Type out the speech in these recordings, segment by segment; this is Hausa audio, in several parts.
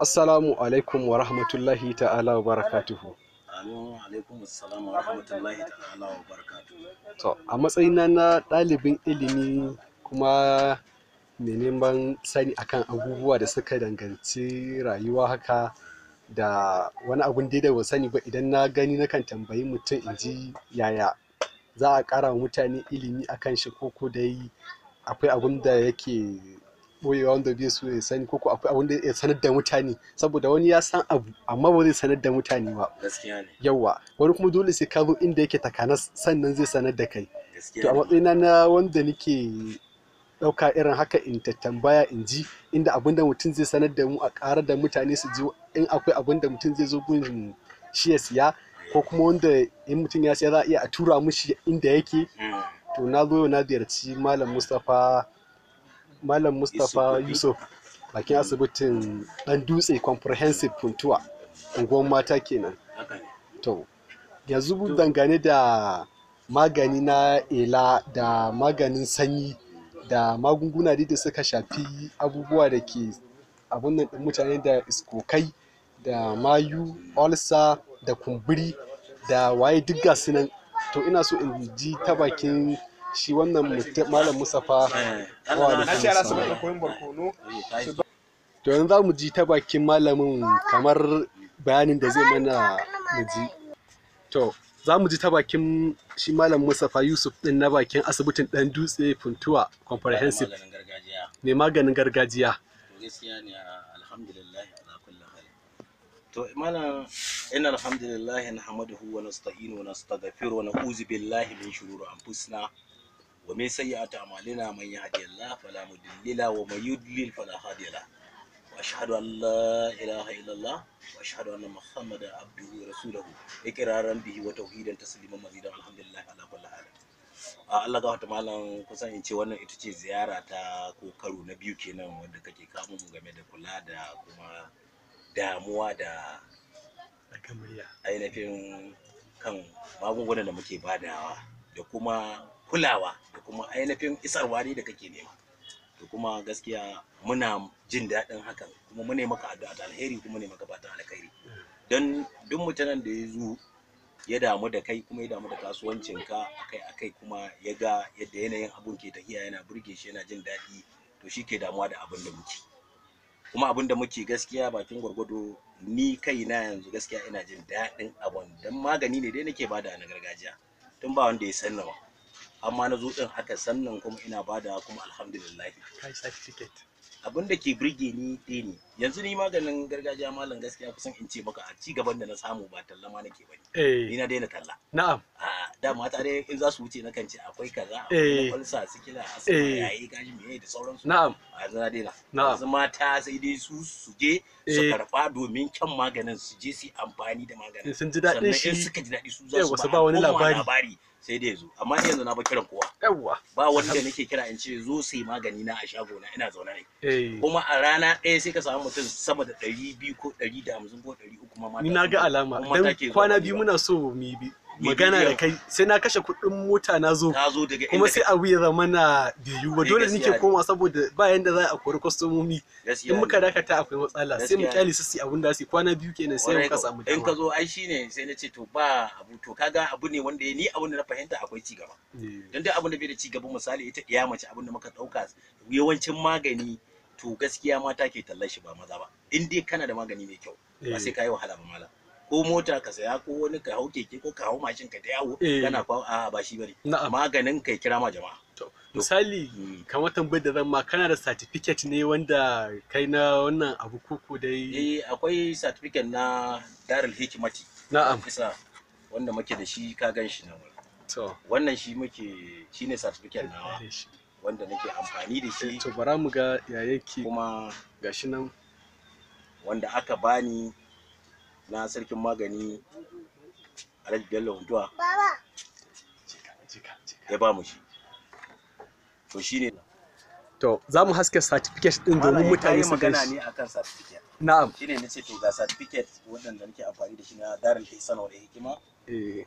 assalamu alaikum wa rahmatullahi ta'ala wa barakatuhu a matsayina na ɗalibin ilimi kuma mai neman sani akan abubuwa da suka danganci rayuwa haka da wani abun da ba sani ba idan na gani nakan tambayi mutum in ji yaya za a ƙara wa mutane ilimi akan shi ko dai akwai abun da yake boyewa wanda bai so ya sani ko akwai abin da ya sanar da mutane saboda wani ya san abu amma ba zai sanar da mutane ba gaskiya ne yawa wani kuma dole sai ka zo inda yake takanas sannan zai sanar da kai to a matsayina na wanda nake dauka irin haka in tambaya in ji inda abin da mutum zai sanar da mu a ƙara da mutane su ji in akwai abin da mutum zai zo gun shi ya siya ko kuma wanda in mutum ya siya za a iya a tura mushi inda yake hmm. to na zo na ziyarci malam mustapha malam mustapha yusuf bakin asibitin dan dutse comprehensive puntuwa unguwan mata kenan to yanzu dangane da magani na ela da maganin sanyi da magunguna da suka shafi abubuwa da ke abun mutane da iskokai da mayu olsa da kumburi da waye duk gasu to ina so in ji ta bakin shi wannan malam musafa to yanzu za mu ji ta bakin malamin kamar bayanin da zai mana mu ji to za mu ji ta bakin shi malam musafa yusuf din na bakin asibitin dan dutse funtuwa comprehensive ne maganin gargajiya to imana ina alhamdulillah nahmaduhu wa nasta'inu wa nastaghfiru wa na'udzu billahi min shururi anfusina ومن سيئات أعمالنا من يهدي الله فلا مضل له ومن يضلل فلا هادي له وأشهد أن لا إله إلا الله وأشهد أن محمدا عبده ورسوله إقرارا به وتوحيدا تسليما مزيدا الحمد لله على كل حال Allah ga wata malam kusan in ce wannan ita ce ziyara ta ko karo na biyu kenan wanda kake kamo mu game da kula da kuma damuwa da ainihin kan magungunan da muke badawa da kuma kulawa da kuma ainihin isarwa ne da kake nema to kuma gaskiya muna jin daɗin hakan kuma mu ne maka addu'a ta alheri kuma ne maka fatan alkhairi don duk mutanen da ya zo ya damu da kai kuma ya damu da kasuwancin ka akai akai kuma ya ga yadda yanayin abun ke tafiya yana burge shi yana jin daɗi to shi ke damuwa da abin da muke kuma abin da muke gaskiya bakin gwargwado ni kai na yanzu gaskiya ina jin daɗin abun don magani ne dai nake bada na gargajiya tun ba wanda ya ba amma na zo din haka sannan kuma ina bada kuma alhamdulillah abin da ke birge ni dai ne yanzu ni maganin gargajiya malam gaskiya kusan in ce maka a ci gaban da na samu ba talla ma nake ba eh. ni na daina talla na'am a da mata dai in za su wuce na kan ce akwai kaza akwai falsa eh. sikila asma eh. yayi gashi me da sauransu na'am a yanzu na daina yanzu mata sai dai su su je su karba domin kyan maganin su je su yi amfani da maganin sun ji daɗin shi sannan in suka ji daɗi su za su ba wani labari sai dai zo amma ni yanzu na ba kiran kowa yawa ba wanda nake kira in ce zo sai magani na a shago na ina zauna ne eh. kuma a rana ɗaya sai ka samu mutum sama da ɗari biyu ko ɗari da hamsin ko ɗari uku ma ni na ga alama dan kwana biyu muna so mu yi magana da kai sai na kashe kuɗin mota na zo kuma sai abu ya zama na biyu ba eh, dole nike koma saboda ba yanda za a kori kwastomomi in muka dakata akwai matsala sai mu kyale su su abun da su kwana biyu kenan sai muka samu dama in ka zo ai shine sai na ce to ba abu to kaga abu ne wanda ni abun da na fahimta akwai ci gaba eh. dan duk abun da bai da ci gaba misali ita iya mace abun da muka dauka yawancin magani to gaskiya mata ke tallashi shi ba maza ba in dai kana da magani mai kyau ba sai eh. ka yi wahala ba malam ko mota ka saya ko wani ka hau keke ko ka hau mashin ka ta yawo eh. kana kwa a ba shi bane maganin kai kira ma jama'a misali mm. kamar tambayar da zan ma kana da certificate ne wanda kai na wannan abu koko dai eh akwai certificate na Darul Hikmati na'am isa wanda muke da shi ka gan shi nan to wannan shi muke shine certificate na wanda nake amfani da shi to bara mu ga ya yake kuma gashi nan wanda aka bani na sarkin magani alhaji bello huntuwa ya ba mu shi to shine to za mu haske certificate din domin mutane su magana ne akan certificate na'am shine nace to ga certificate waɗanda nake amfani da shi na darin kai da hikima eh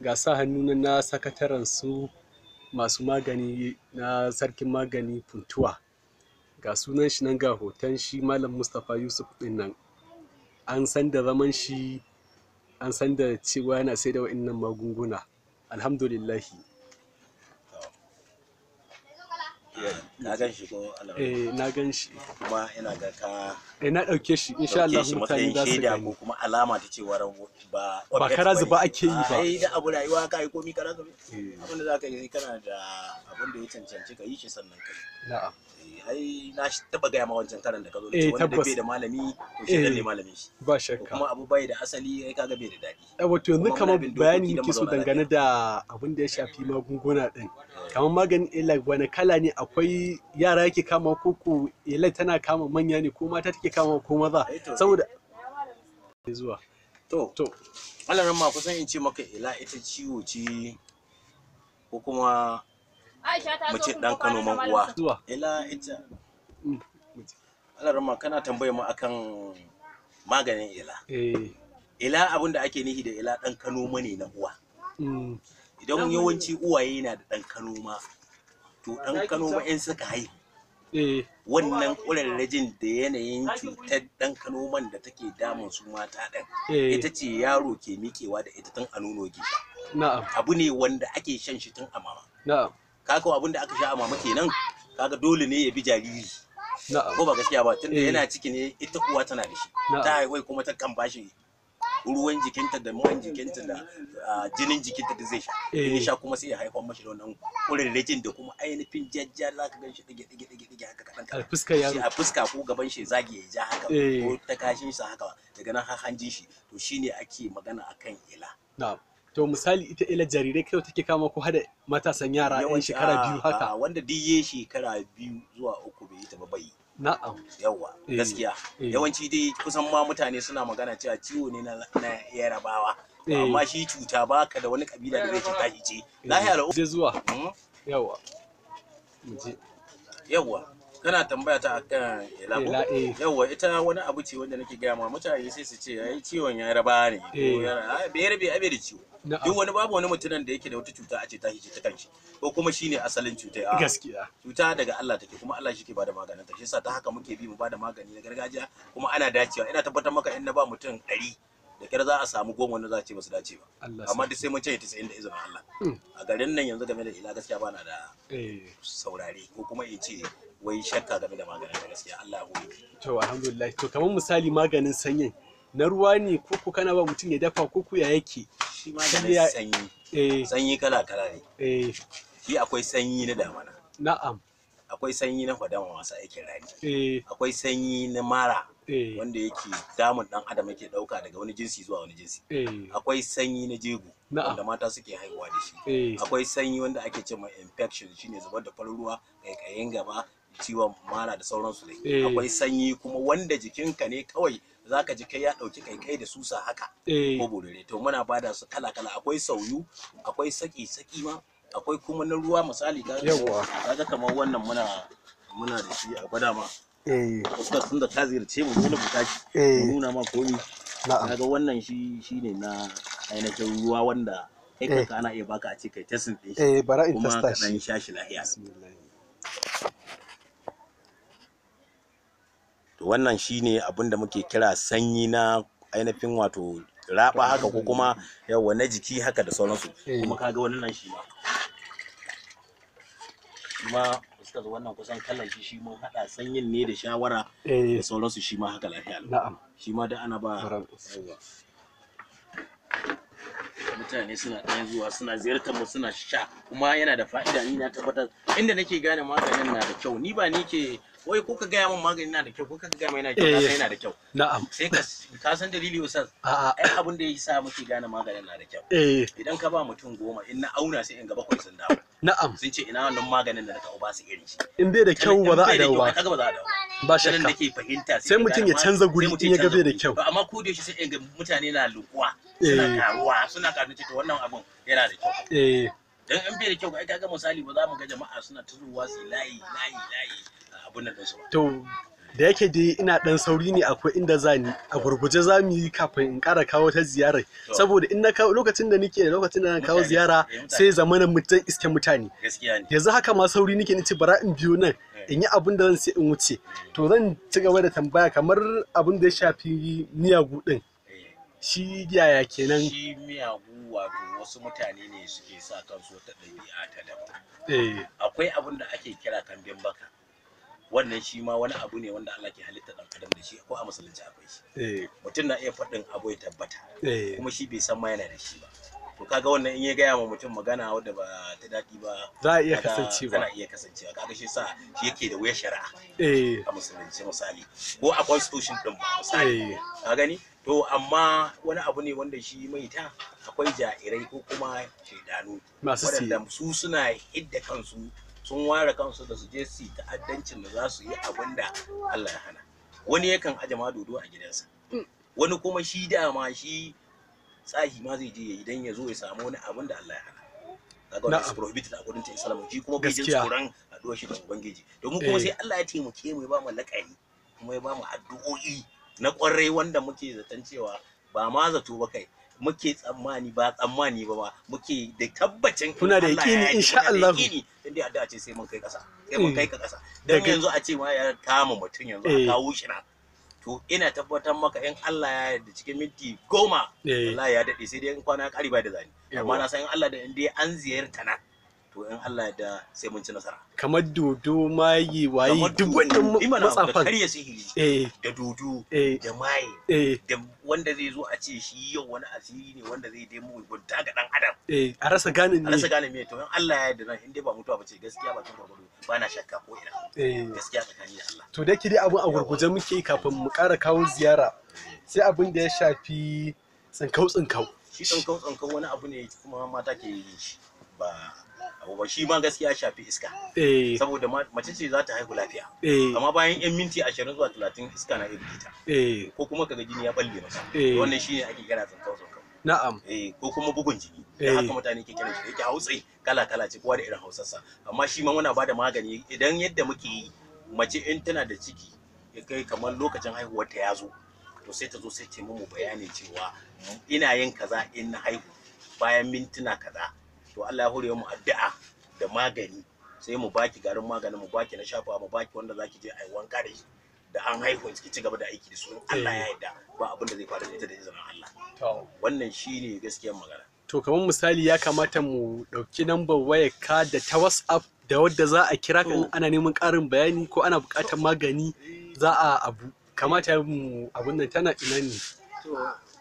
ga sa hannu na sakataren su masu magani na sarkin magani puntuwa ga sunan shi nan ga hoton shi malam mustapha yusuf din nan an san da zaman shi an san da cewa yana sai da wa'innan magunguna alhamdulillahi na gan shi ko eh na gan shi kuma ina ga ka eh na dauke shi insha Allah mutane za su gani ko kuma alama ta ba ba karazu ba ake yi ba ai da abu rayuwa ka yi komi karazu eh. yi kana da abin da ya cancanci ka yi shi sannan ka na'am eh, ai na taba ma wancan karan da ka zo eh, wanda bai da malami to shi ne malamin shi ba shakka kuma abu bai da asali ai kaga bai da dadi eh wato yanzu kamar bayani nake so dangane da abin da ya shafi magunguna din kamar maganin illa wani kala ne a akwai yara yake kama ko ku ilai tana kama manya ne ko mata take kama ko maza eh saboda eh. zuwa to to alaran ma kusan in ce maka ila ita ciwo ce ko kuma mace dan Kano man uwa ila ita mm. alaran ma kana tambayar mu akan maganin ila eh ila abin da ake nihi da ila dan Kano mane na uwa mm. idan yawanci uwaye na da dan Kano ma to dan kano ba in suka haihu eh. wannan ƙurarrajin da yanayin cutar ɗan kanoman da take damun su mata din eh. ita ce yaro ke mikewa da ita tun a nono gida abu ne wanda ake shan shi tun a mama kaga abin da aka sha a mama kenan kaga dole ne ya bi jariri ko ba gaskiya ba tunda eh. yana ciki ne ita uwa tana da shi ta haihuwa kuma ta kan bashi ruwan jikinta da man jikinta da jinin jikinta da zai sha eh. in sha kuma sai ya haifar mashi da wannan kurarrajin da kuma ainihin jajja za ka gan shi dige dige dige dige haka kadan kadan fuska yaro a fuska ko gaban shi zage ya ja haka eh. ko ta kashin sa haka daga nan har hanji shi to shine ake magana akan ila na'am to misali ita ila jarirai kai take kama ko hada matasan yara yan shekara biyu haka wanda duk shekara biyu zuwa uku bai yi ta ba bai Na'am. Yawwa, eh, gaskiya. Eh. Yawanci dai kusan ma mutane suna magana cewa ciwo ne na yarabawa. Eh. Amma shi cuta ba ka da wani kabila da zai cuta shi ce. Lahiya zuwa. Hmm? Yawwa. Yawwa. kana tambaya ta akan ilabo eh. yawa ita wani abu ce wanda nake gaya ma mutane sai su ce ai ciwon ya raba ne bai rabe abe da ciwo duk wani babu wani mutumin da yake da wata cuta a ce ta hice ta kanshi ko kuma shine asalin cuta a gaskiya cuta daga Allah take kuma Allah shi ke bada maganin ta shi yasa ta haka muke bi mu bada magani na gargajiya kuma ana dacewa ina tabbatar maka in na ba mutum 100 da kyar za a samu goma wanda za a ce ba su dace ba amma duk sai mun ce 90 da izinin Allah hmm. a garin nan yanzu game da ila gaskiya bana da eh. saurare ko kuma in ce wai shakka game da maganin da gaskiya Allah ya gobe to alhamdulillah to kamar misali maganin sanyi na ruwa ne ko ku kana ba mutum ya dafa ko ku ya yake shi maganin sanyi eh. sanyi kala kala ne eh. shi akwai sanyi na damana na'am akwai sanyi na fadama masu aikin rani akwai sanyi na mara Eh. wanda yake damun dan adam yake dauka daga wani jinsi zuwa wani jinsi eh. akwai sanyi na jego wanda mata suke haihuwa da shi eh. akwai sanyi wanda ake cewa infection shine zubar da farin ruwa kaikayin gaba ciwon mara da sauransu dai akwai sanyi kuma wanda jikinka ne kawai zaka ji kai ya dauki kai kai da susa haka ko burure to muna bada su kala kala akwai sauyu akwai saki saki ma akwai kuma na ruwa misali kaga kaga kamar wannan muna muna da shi a gwada ma fuskar eh. sun da ka ziyarce mu nuna bukaci eh. mu nuna ma komi kaga wannan shi shine na ainihin ruwa wanda kai eh. kanka ana iya baka a ce kai tasin din shi kuma ka sha shi lahiya to wannan shine abin da muke kira sanyi na ainihin wato raba haka ko kuma yawa na jiki haka da sauransu kuma kaga wannan shi ma suka zo wannan kusan kallon shi shi mun haɗa sanyin ne da shawara eh. da sauransu shi ma haka lafiya na'am shi ma da ana ba mutane suna ɗan zuwa suna ziyartar mu suna sha kuma yana da fa'ida ni na tabbatar inda nake gane maganin na da kyau ni ba ni ke wai ko ka gaya min magani na da kyau ko ka gaya min yana kyau eh, yana da kyau na'am sai ka ka san dalili usas ai abin da yasa muke gane maganin na da kyau eh. idan ka ba mutum goma in na auna sai in ga bakwai sun dawo na'am sun ce ina wannan maganin da ka ba su irin shi in bai da kyau ba za a dawo ba kaga ba za a dawo ba shakka fahimta sai mutum ya canza guri in ya ga bai da kyau amma ko da yaushe sai in ga mutane na lukuwa eh. suna karuwa suna karuwa cewa to wannan abun yana da kyau eh dan an bai da kyau ga kaga misali ba za mu ga jama'a suna tuzuwa su layi layi layi abun nan da yake dai ina dan sauri ne akwai inda zani a gurguje za mu yi kafin in kara kawo ta ziyara saboda in na kawo lokacin da nake da lokacin da na kawo ziyara sai zamana mutan iske mutane yanzu haka ma sauri nake nace bara in biyo nan eh. in yi abin da zan sai in wuce to zan ci gaba da tambaya kamar abin da ya shafi miyagu din eh. shi yaya kenan shi miyagu wato wasu mutane ne suke sa kansu ta dabi'a ta daban eh. akwai abin da ake kira kambin baka wannan shi ma wani abu ne wanda Allah ke halitta dan adam da shi ko a musulunci akwai shi eh. mutum na iya faɗin abu ya tabbata eh. kuma shi bai san ma yana da shi ba to kaga wannan in ya gaya ma mutum magana wadda ba ta daɗi ba za a iya kasancewa Kana iya kasancewa kaga shi sa shi yake da wuyar shari'a eh. a musulunci misali ko a constitution din ba misali ka gani to amma wani abu ne wanda shi mai ta akwai jairai ko kuma shaidanu masu su suna hidda kansu sun ware kansu da su je su yi ta'addancin da za su yi abin da Allah ya hana wani yakan aje ma dodo a gidansa mm. wani kuma shi dama shi tsahi ma zai je ya idan ya zo ya samu wani abin da Allah ya hana kaga wanda prohibited a gurin Islam shi kuma bai jin tsoron addu'a shi da ubangiji domin kuma eh. sai Allah ya taimake mu ya ba mu lakayi kuma ya ba mu addu'o'i na kwarai wanda muke zaton cewa ba ma zato ba kai muke tsammani ba tsammani ba ba muke da tabbacin kuna da yakini insha Allah in da addu'a ce sai mun kai kasa sai mun eh. kai ka kasa dan yanzu a ce ma ya kama mutum yanzu a eh. kawo shi na to ina tabbatar maka in Allah ya yarda cikin minti goma eh. wallahi ya dade sai dai in kwana ya kare ba da zani amma na san in Allah da in dai an ziyarta na to in Allah da sai mun ci nasara kamar dodo mayi waye duk wannan matsafan da karya sihiri eh. da dodo eh. da mayi eh. da wanda zai zo a ce shi yau wani asiri ne wanda zai dai mu gunta ga dan adam Eh, a rasa ganin ne a rasa ganin me to in Allah ya da nan in dai ba mutuwa ba ce gaskiya ba tun gwargwado ba na shakka ko ina gaskiya tsakani da Allah to da ki dai abun a gurguje muke kafin mu ƙara kawo ziyara sai abin da ya shafi tsinkau tsinkau shi tsinkau tsinkau wani abu ne kuma mata ke yi ba haihu ba shi ma gaskiya shafi iska eh. saboda mace ce za ta haihu lafiya eh. amma bayan yan minti ashirin zuwa talatin iska na iri kita eh. ko kuma kaga jini ya balle masa wannan shine ake kira zankau zankau na'am ko kuma bugun jini da haka mutane ke kira shi yake hausa kala kala ce kowa da irin hausarsa amma shi ma muna bada magani idan yadda muke yi mace in tana da ciki ya kai kamar lokacin haihuwar ta ya zo to sai ta zo sai ta mu bayanin cewa ina yin kaza in na haihu bayan mintuna kaza to Allah ya hore mu addu'a da magani sai mu baki garin maganin mu baki na shafa mu baki wanda zaki je ai wanka da shi da an haihu ki ci gaba da aiki da su Allah ya yarda ba abin da zai faru da ita da izinin Allah to wannan shine gaskiyar magana to kamar misali ya kamata mu dauki lambar wayar ka da ta WhatsApp da wadda za a kira kan ana neman karin bayani ko ana buƙatar magani za a abu kamata mu abun nan tana ina ne to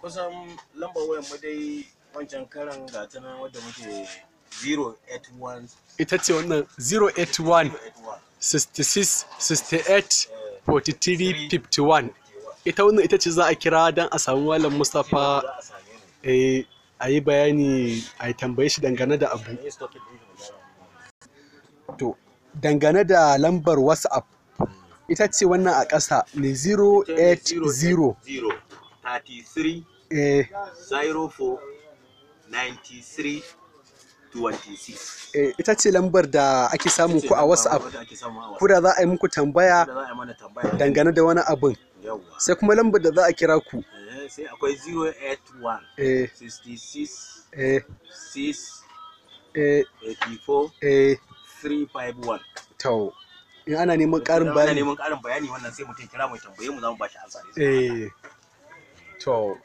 kusan lambar wayar mu dai wancan karan ga ta nan muke 081 ita ce wannan 081 66 68 43 51 ita wannan ita ce za a kira don a samu malam mustapha eh, a yi bayani a tambaye shi dangane da abu to dangane da lambar whatsapp ita ce wannan a ƙasa eh. ne 080 26 eh ita ce lambar da ake samu ku a WhatsApp ku da za a yi muku tambaya dangane da wani abin sai kuma lambar da za a kira ku eh, sai akwai 081 eh 66 6 eh 84 eh 351 eh. to in ana neman ƙarin bayani ana neman ƙarin bayani wannan sai mutum kira mai tambaye mu za mu ba shi ansa eh to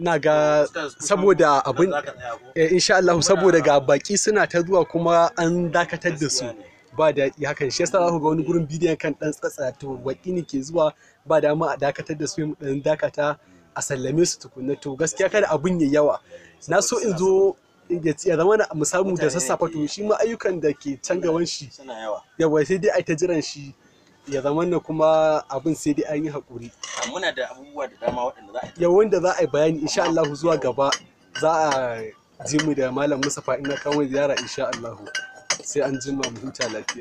na ga saboda abin eh, insha Allah saboda ga baki suna ta zuwa kuma an dakatar da su ba daɗi hakan shi yasa za ku ga wani gurin bidiyon kan ɗan tsatsa to baki ne ke zuwa ba da dama a dakatar da su dan dakata a sallame su tukunna to gaskiya kada abin ya yawa na so in zo ya zama na mu da sassafa to shi ma ayyukan da ke can gaban shi yawa sai dai a ta jiran shi ya zama na kuma abin sai dai an yi haƙuri muna da abubuwa da dama waɗanda za a yi wanda za a yi bayani insha Allah zuwa gaba za a ji mu da malam Mustapha ina kawo ziyara insha Allah sai an jima mu huta lafiya